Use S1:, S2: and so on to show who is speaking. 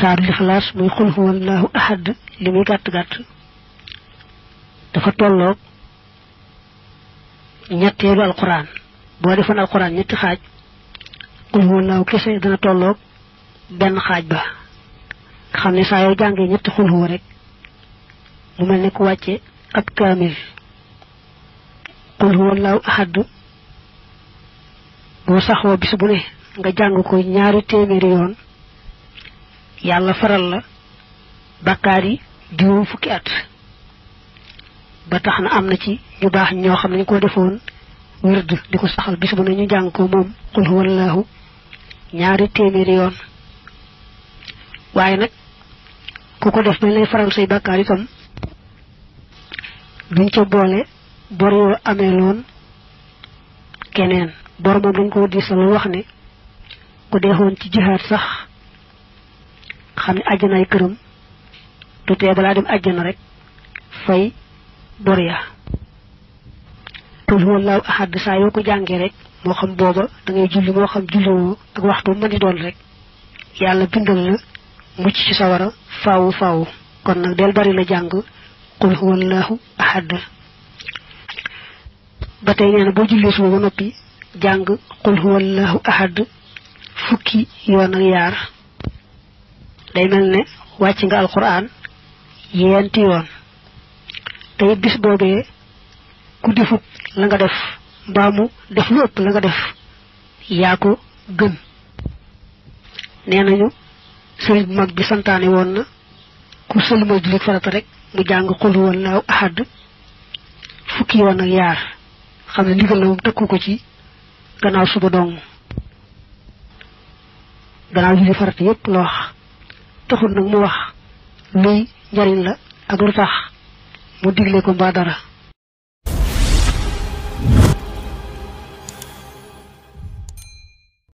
S1: saar lixlaas muy xul huwallahu ahad li muy gàtt gàtt dafa tolloog ñetteelu alquran boo defoon alquran ñetti xaaj xul huwallahu kese dana tolloog benn xaaj ba xam ne saa yoo jàngee ñetti xul huwa rek mu mel ne ku wàcce ab kaamil xul huwallahu ahad boo saxoo bis bu ne nga jàng ko ñaari téeméeri yoon yalla faral la Bakari yi juróom fukki at ba tax na am na ci ñu baax ñoo xam ko defoon wird di ko saxal bis bu ne ñu jàng ko moom qul huwallahu ñaari téeméeri yoon waaye nag ku ko def bañ lay faral say bàkkaar itam duñ ca boole bor yoo amee loon keneen bor moom dañ ko wax ne ku deexoon ci jihaat sax xamni aljana ay kërëm du té bala dem aljana rek fay doriya tuhu wallahu ahad sa yo ko jangé rek mo xam booba da ngay julli mo xam julli ak waxtu ma di doon rek yalla bindal la mucc ci sawara faawu faawu kon nak del bari la jang qul huwallahu ahad batay tey bo na boo jullee suba ba qul huwallahu ahad fukki yoon ak yar day mel ne wàcc nga alquran yeenti yoon tey bis boobee ku defut la nga def mbaa mu def lu ëpp la nga def yaa ko gën nee nañu sëriñ bu mag bi santaane woon na ku sëlmal jullit farata rek mu jàng xul wallaahu ahad fukki yoon ak yaar xam ne ndigal la moom tëkku ko ci gannaaw suba dong gannaaw julli farata yépp loo taxul nag mu wax luy njariñ la ak lu tax mu digle ko mbaa dara